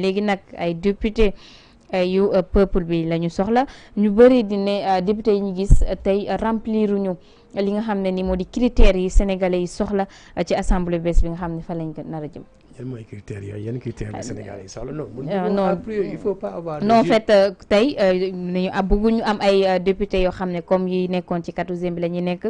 léegi nag ay député yu euh, peuple bi la ñu soxla ñu bëri di ne euh, député yi ñu gis euh, tey remplir ñu li nga xam ne ni moo di critères yi sénégalais yi soxla euh, ci assemblée bees bi nga xam ne fa lañ nar a jëm. yan mooy critères yooyu yan critères la euh, sénégalais yi soxla non. Euh, non il faut pas avoir. non en fait tey nañu ah, bëgguñu am ay député yoo xam ne comme yi nekkoon ci quatorzième bi la ñuy nekk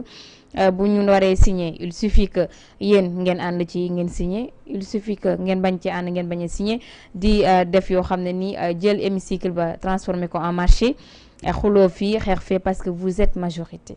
bu ñu waree signé il suffit que yéen ngeen ànd ci ngeen signé il suffit que ngeen bañ ci ànd ngeen bañ a signé di def yoo xam ne ni jël hémicycle ba transformé ko en marché xuloo fii xeex fee parce que vous êtes majorité.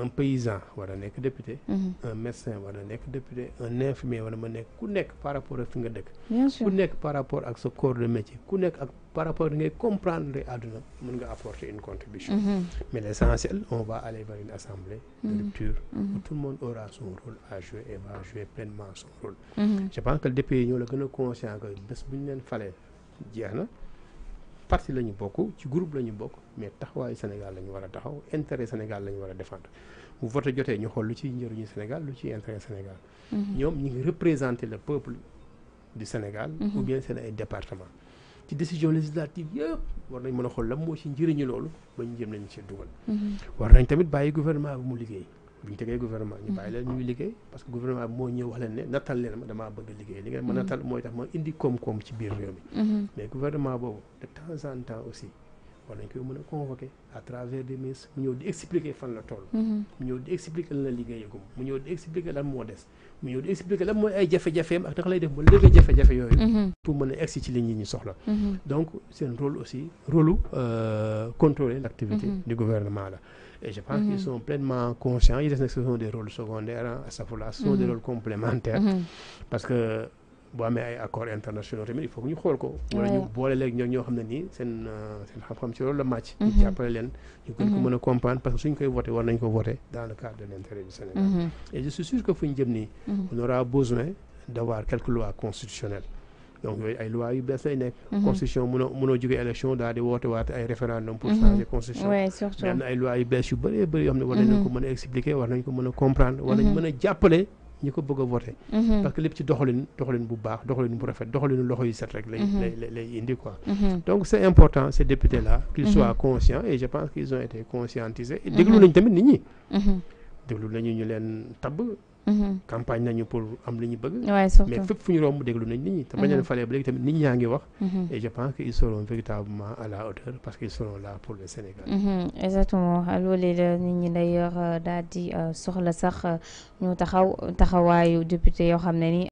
un paysan war nek député. Mhm. un médecin war nek député un infirmier war ma nek ku nek par rapport ak fi nga dëkk. ku nek par rapport ak ce corps de métier ku nek ak par rapport ngay comprendre aduna, mën nga apporter une contribution. Mhm. mais l'essentiel, on va aller vers une assemblée. de mhm. rupture où tout le monde aura son rôle à jouer et va jouer pleinement son rôle. je pense que le député nous ñoo la gëna conscient que bës buñu leen parti la ñu bokk ci groupe la ñu bokk mais taxawaayu Sénégal la war a taxaw intérêt Sénégal la ñu war a défendre bu vote jotee ñu xool lu ciy njëriñu Sénégal lu ci intérêt Sénégal. Mm-hmm. ñoom ñu ngi représenté le peuple du Sénégal. Mm-hmm. ou bien seen ay département ci décision législative yëpp war nañ mën a xool lan moo ci njëriñu loolu ba ñu jëm leen ci dugal. Mm-hmm. war nañ tamit bàyyi gouvernement bi mu liggéey. bu ñu tegee gouvernement ñu bàyyi leen mm-hmm. liggéey parce que gouvernement bi moo ñëw wax ne nattal leen ma damaa bëgg liggéey li ma mm-hmm. nattal mooy tax ma indi koom-koom ci biir réew mi mm-hmm. mais gouvernement boobu temps en temps aussi war nañ koy mën a convoquer à travers des ministres mu ñëw di expliquer fan la toll. Mhm. mu ñëw di expliquer lan la liggéeyagum mu ñëw di expliquer lan moo des mu ñëw di expliquer lan mooy ay jafe-jafeem ak naka lay def ba léegi jafe-jafe yooyu. Mhm. pour mën a egsi ci li ñu soxla. Mhm. donc seen rôle aussi rôle euh, contrôler l' activité. du gouvernement la. et je pense qu'ils sont pleinement conscients ils disent que ce sont des rôles secondaires à sa fois ce sont des rôles complémentaires. parce que bu amee ay accord international tamit il faut que ñu xool ko. wala ñu bolé léeg ñoo ñoo xam ne sen seen euh, seen xam-xam ci loolu la match mhm. ñu jappalé leen. ñu gën ko mhm. mëna comprendre parce que suñ koy voter war nañ ko voter dans le cadre de l'intérêt du Sénégal. Mhm. et je suis sûr que fuñ jëm ni on aura besoin d'avoir avoir quelques lois constitutionnelles. donc ay loi yu bees lay nekk. constitution mëno mënoo jógee élection daal di voter wat ay référendum pour changer constitution. ouais surtout am ay loi yu bees yu bari bari yoo xamné war nañ ko mëna expliquer war nañ ko mëna comprendre war nañ mëna jappalé ñi ko bëgg mhm. parce que les ci doxalin doxalin bu baax doxalin bu rafet quoi donc c'est important ces députés là qu'ils mhm. soient conscients et je pense qu'ils ont été conscientisés mhm. déglu nañu ñu leen tabb campagne nañu pour am li ñu bëgg mais fépp fu ñu romb déglu nañ nit ñi te bañ leen falee ba léegi tamit nit ñaa ngi wax et je pense que ils seront véritablement à la hauteur parce qu'ils seront là pour le Sénégal. exactement euh, loolee la nit ñi d' ailleurs daal di soxla sax ñu taxaw taxawaayu député yoo xam ne ni